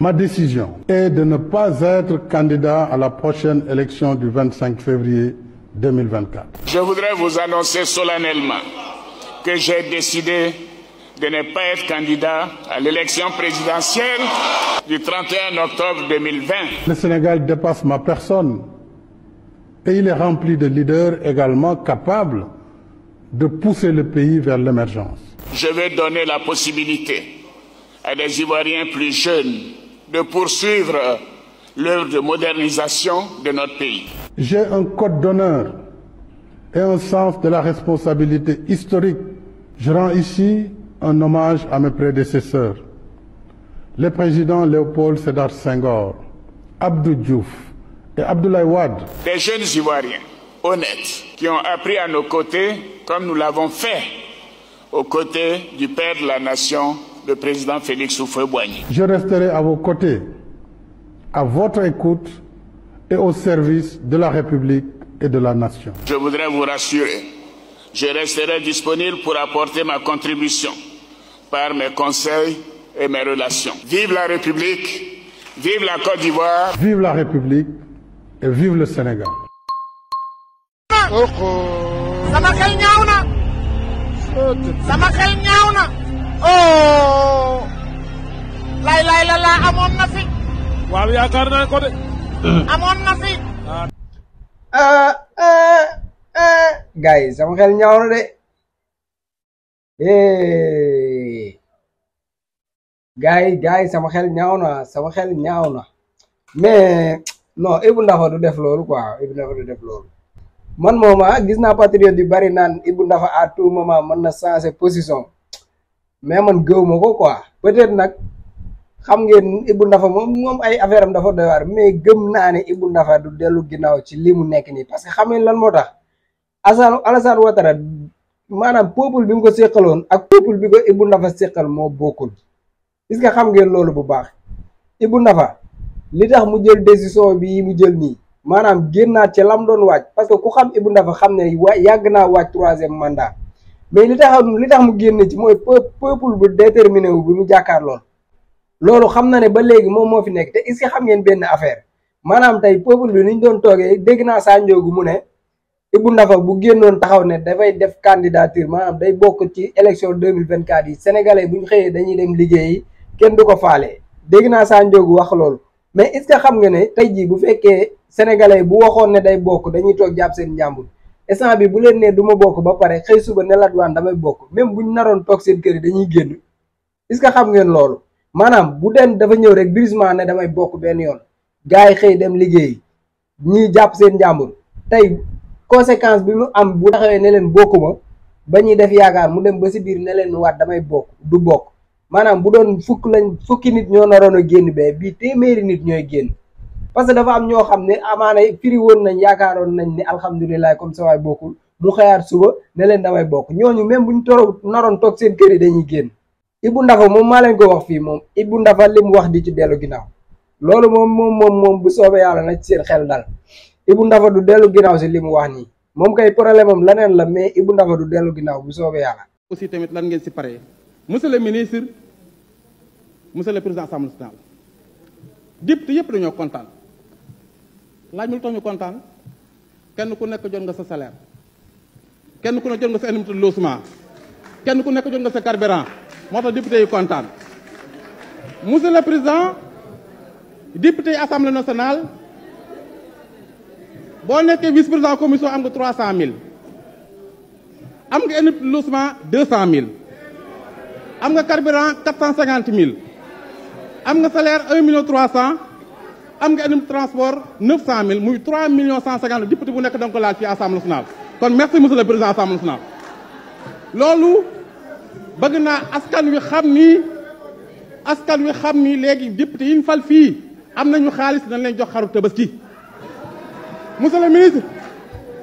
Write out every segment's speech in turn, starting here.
Ma décision est de ne pas être candidat à la prochaine élection du 25 février 2024. Je voudrais vous annoncer solennellement que j'ai décidé de ne pas être candidat à l'élection présidentielle du 31 octobre 2020. Le Sénégal dépasse ma personne et il est rempli de leaders également capables de pousser le pays vers l'émergence. Je vais donner la possibilité à des Ivoiriens plus jeunes de poursuivre l'œuvre de modernisation de notre pays. J'ai un code d'honneur et un sens de la responsabilité historique. Je rends ici un hommage à mes prédécesseurs, les présidents Léopold Sédar Senghor, Abdou Diouf et Abdoulaye Wade. Des jeunes Ivoiriens honnêtes qui ont appris à nos côtés, comme nous l'avons fait, aux côtés du père de la nation le président Félix Houphouët-Boigny. Je resterai à vos côtés, à votre écoute et au service de la République et de la nation. Je voudrais vous rassurer, je resterai disponible pour apporter ma contribution par mes conseils et mes relations. Vive la République, vive la Côte d'Ivoire. Vive la République et vive le Sénégal. waaw yaakaar naa ko amon nasi. na fi. gars yi sama xel ñaaw na de. gars sama xel ñaaw na sama xel ñaaw na mais non Ibou Ndafa du def loolu quoi Ibou Ndafa du def loolu. man moom gis naa patriote yu bari naan Ibou Ndafa à tout moment mën na changer position man xam ngeen Ibou Ndafa moom moom ay affaire am dafa doy waar mais gëm naa ne Ibou Ndafa du dellu ginaaw ci li mu nekk nii parce que xam ngeen lan moo tax Assane Alassane Ouattara maanaam peuple bi mu ko séqaloon ak peuple bi ko Ibou Ndafa séqal moo bokkul gis nga xam ngeen loolu bu baax Ibou Ndafa li tax mu jël décision bi mu jël nii maanaam génnaat ci lam doon waaj parce que ku xam Ibou Ndafa xam ne wa yàgg naa waaj troisième manda mais li tax li tax mu génn ci mooy peuple bu déterminé wu bi mu loolu xam na ne ba léegi moom moo fi nekk te est xam ngeen benn affaire maanaam tey peuple bi ni ñu doon toogee dégg naa Sa gu mu ne Ibou Ndafa bu génnoon taxaw ne dafay def candidature maanaam day bokk ci élection 2024 yi sénégalais bu ñu xëyee dañuy dem liggéeyi kenn du ko faale dégg naa Sa wax loolu mais est-ce que xam nga ne tey jii bu fekkee sénégalais bu waxoon ne day bokk dañuy toog jàpp seen njàmbur instant bi bu leen nee du ma bokk ba pare xëy suba ne la waan damay bokk même buñ naroon toog seen kër yi dañuy génn est-ce que xam ngeen loolu. maanaam bu den dafa ñëw rek Griezmann ne damay bokk benn yoon gars yi xëy dem liggéey ñiy jàpp seen njàmbur tey conséquence bi mu am bu taxawee ne leen ma ba ñuy def yaakaar mu dem ba si biir ne leen waat damay bokk du bokk maanaam bu doon fukk lañ fukki nit ñoo naroon a génn bee bii téeméeri nit ñooy génn parce que dafa am ñoo xam ne amaana firi woon nañ yaakaaroon nañ ni alhamdulilah comme sa waay bokkul mu xëyaat suba ne leen damay bokk ñooñu même bu ñu toroo naroon toog kër yi dañuy génn. Ibou Ndafa moom maa leen ko wax fii moom Ibou Ndafa li mu wax di ci dellu ginnaaw loolu moom moom moom moom bu soobee yàlla na ci seen xel dal Ibou Ndafa du dellu ginnaaw si li mu wax nii moom kay problème am leneen la mais ibu Ndafa du dellu ginnaaw bu soobee yàlla. aussi tamit lan ngeen si pare monsieur le ministre monsieur le président assemblée nationale député yëpp dañoo kontaan laaj mi lu tax ñu kontaan kenn ku nekk jot nga sa salaire kenn ku nekk jot nga sa indemnité de logement kenn ku nekk jot nga moto député est monsieur le président député assemblée nationale vous êtes vice président commission am nga 300000 am nga logement 200000 am nga carburant 450 000. am nga salaire 1 million am nga transport 900 000. 3 muy millions député bu nekk donc nationale Donc, merci monsieur le président assemblée nationale L'Olou. bëgg naa askan wi xamni askan wi xamni ni député yi fal fi amna ñu xaaliss dañ leen jox xaru tebeski monsieur le ministre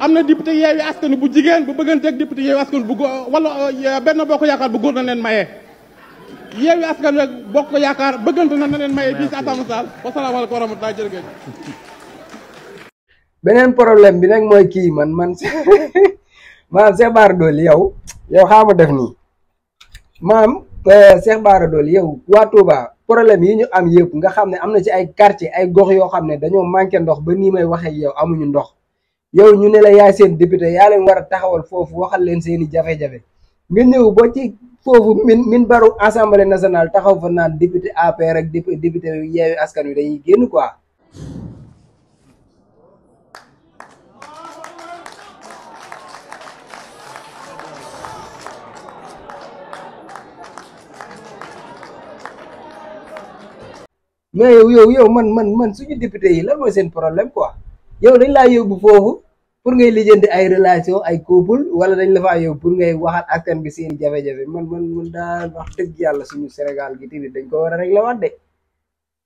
amna député yeewi askan bu jigen bu ak député yeewi askan bu wala euh, benn boko yaakar bu goor na leen maye yeewi askan rek boo yaakar yaakaar bëggante na na leen maye fii sal wa salaam alaykum wa rahmatulah jërëjëf benen problème bi nak moy ki man man maanaam Cheikh Bara Dolly yow yow xama def ni maam euh, Cheikh Bara dool yow waa Touba problème yi ñu am yëpp nga xam ne am na ci ay quartier ay gox yoo xam ne dañoo manqué ndox ba nii may waxee yow amuñu ndox yow ñu ne la yaay seen député yaa leen war a taxawal foofu waxal leen seen i jafe-jafe nga ñëw ba ci foofu min min baru assemblée nationale taxaw fa naan député APR ak député yeewi askan wi dañuy génn quoi mais yow yow yow man man man suñu député yi lan mooy seen problème quoi yow dañ yow bu fofu pour ngay lijeenti ay relation ay couple wala dañ la fa yow pour ngay waxaat askan bi seen jafé jafé man man man da wax deug yalla suñu Sénégal gi tamit dañ ko wara a régler waat dé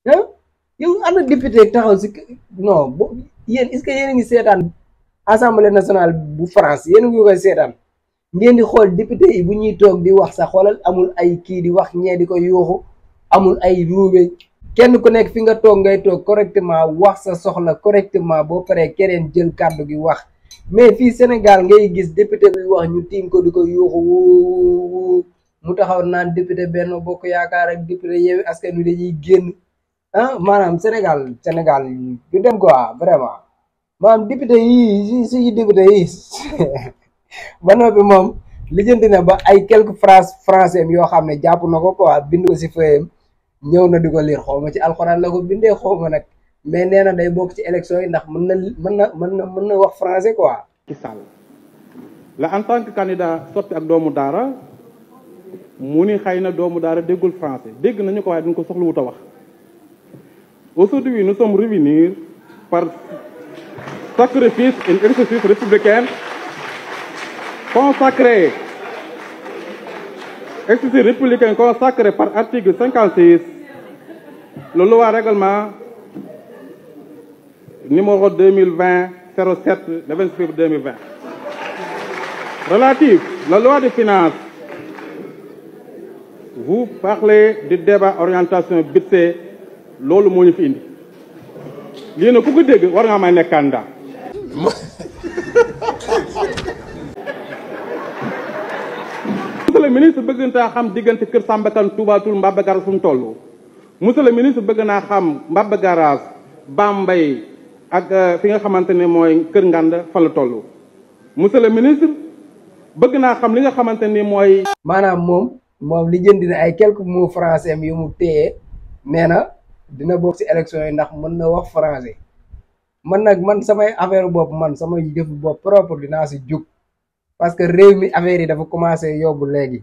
hein yow ana député taxaw si non bo yeen est ce que yeen ngi seetaan assemblée nationale bu France yeen ngi ko seetaan ngeen di xol député yi bu ñuy tok di wax sa xolal amul ay ki di wax ñe di ko yoxu amul ay ruube kenn ku nek fi nga tok ngay tok correctement wax sa soxla correctement bo paré keneen jël kàddu gi wax mais fi Sénégal ngay gis député bi wax ñu tim ko di yuxu mu taxaw naan député Benno Bokk yaakar ak député Yewwi Askan Wi dañuy genn ah manam Sénégal Sénégal du dem quoi vraiment manam député yi suñu député yi ba bi mom lijjanti na ba ay quelques phrases français yo xamné ne nako quoi bind ko ci feuyam ñëw na di ko liir xaw ma ci alxuraan la ko bindee xaw ma nag mais nee na day bokk ci élection yi ndax mën na mën na mën na mën na wax français quoi. Macky Sall la en tant que candidat sotti ak doomu daara mu ni xëy na doomu daara déggul français dégg nañu ko waaye duñ ko soxla wut a wax. aujourd'hui nous sommes revenus par sacrifice une exercice républicain consacré exercice républicain consacré par article 56, le loi règlement numéro 2020-07 le février 2020. Relatif, la loi de finances, vous parlez du débat orientation budget, l'eau y fi indi a ministre bëgg naa xam diggante Kër Samba Kane Touba Toul Mbaba Garage fu mu toll. monsieur le ministre bëgg naa xam Mbaba Garage mbay ak euh, fi nga xamante ne mooy Kër Nganda fan la toll monsieur le ministre bëgg naa xam li nga xamante ni mooy. maanaam moom moom li jënd na ay quelques mots français yu mu téye nee na dina bokk si élection yi ndax mën na wax français man nag man samay affaire bopp man sama jëf bopp propre dinaa si jóg. parce que réew mi affaire dafa commencé yóbbu léegi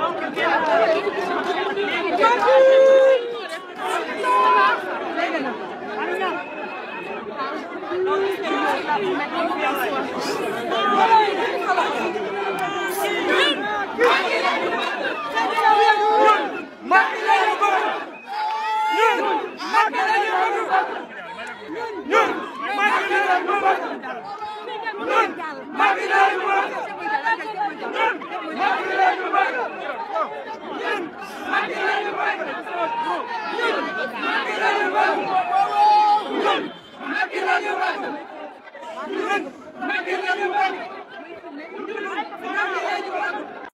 Aunque quiera.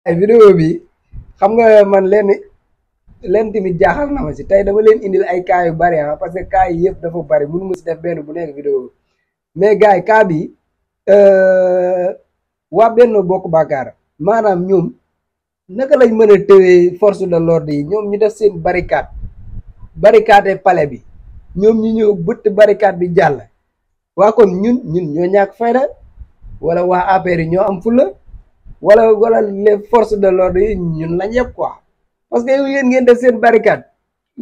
ay bi xam nga man leen lenn tamit jaaxal na ma si tey dama leen indil ay cas yu bari ah parce que cas yi yëpp dafa bari mënu ma si def benn bu nekk vidéo mais gars yi cas bi euh, waa Benno Bokk Yaakaar maanaam ñoom naka lañ mën a tëwee force de l'ordre yi ñoom ñu def seen barricade barricade pale bi ñoom ñu ñëw bëtt barricade bi jàll waa kon ñun ñun ñoo ñàkk fayda wala waa APR yi ñoo am fulla wala wala les forces de l'ordre yi ñun lañ yëpp quoi parce que yow yéen ngeen def seen barricade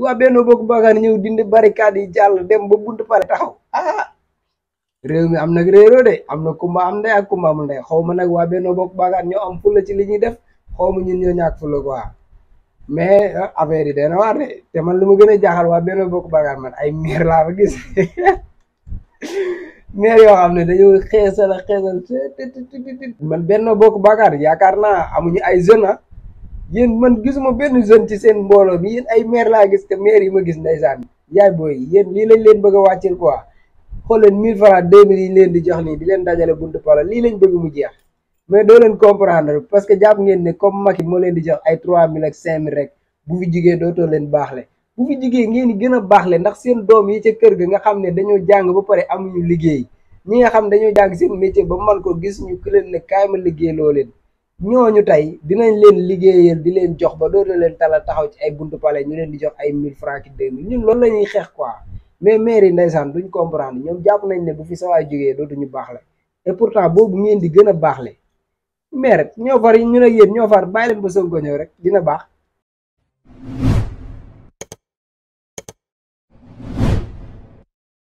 waa Benno Bokk Yaakaar ñëw dindi barricade yi jàll dem ba buntu pare taxaw ah réew mi am nag réeroo de am na kumba am ndey ak kumba amul ndey xaw ma nag waa Benno Bokk Yaakaar ñoo am fulla ci li ñuy def xaw ma ñun ñoo ñàkk fulla quoi mais ah, affaire yi de na de te man lu ma gën a jaaxal waa Benno Bokk Yaakaar man ay maire laa fa gis maire yoo xam ne dañoo xeesal a xeesal man benn bokk baakaar yaakaar naa amuñu ay jeunes a ah. yéen man gisuma benn jeune ci seen mboolo bi ay maire laa gis te maire yu ma gis ndeysaan yaay booy yéen lii lañ leen bëgga a wàcceel quoi xool leen mille francs deux mille yi leen di jox nii di leen dajale buntu pala lii lañ bëgg mu jeex mais doo leen comprendre parce que jàpp ngeen ne comme Macky moo leen di jox ay trois mille ak cinq mille rek bu fi jigéen dootoo leen baaxle bu fi jigéen ngeen di gën a baax le ndax seen doom yi ca kër ga nga xam ne dañoo jàng ba pare ñu liggéey ñi nga xam dañoo jàng seen métier ba man ko gis ñu leen ne kaay ma liggéey loo leen ñoo ñu tey dinañ leen liggéeyal di leen jox ba dootoo leen talal taxaw ci ay buntu pale ñu leen di jox ay mille francs ki deux mille ñun loolu la ñuy xeex quoi mais maire yi ndeysaan duñ comprendre ñoom jàpp nañ ne bu fi sawaay jógee ñu baax la et pourtant boobu ngeen di gën a baax le maire ñoo far ñu ne yéen ñoo far bàyyi leen ba Sonko ñëw rek dina baax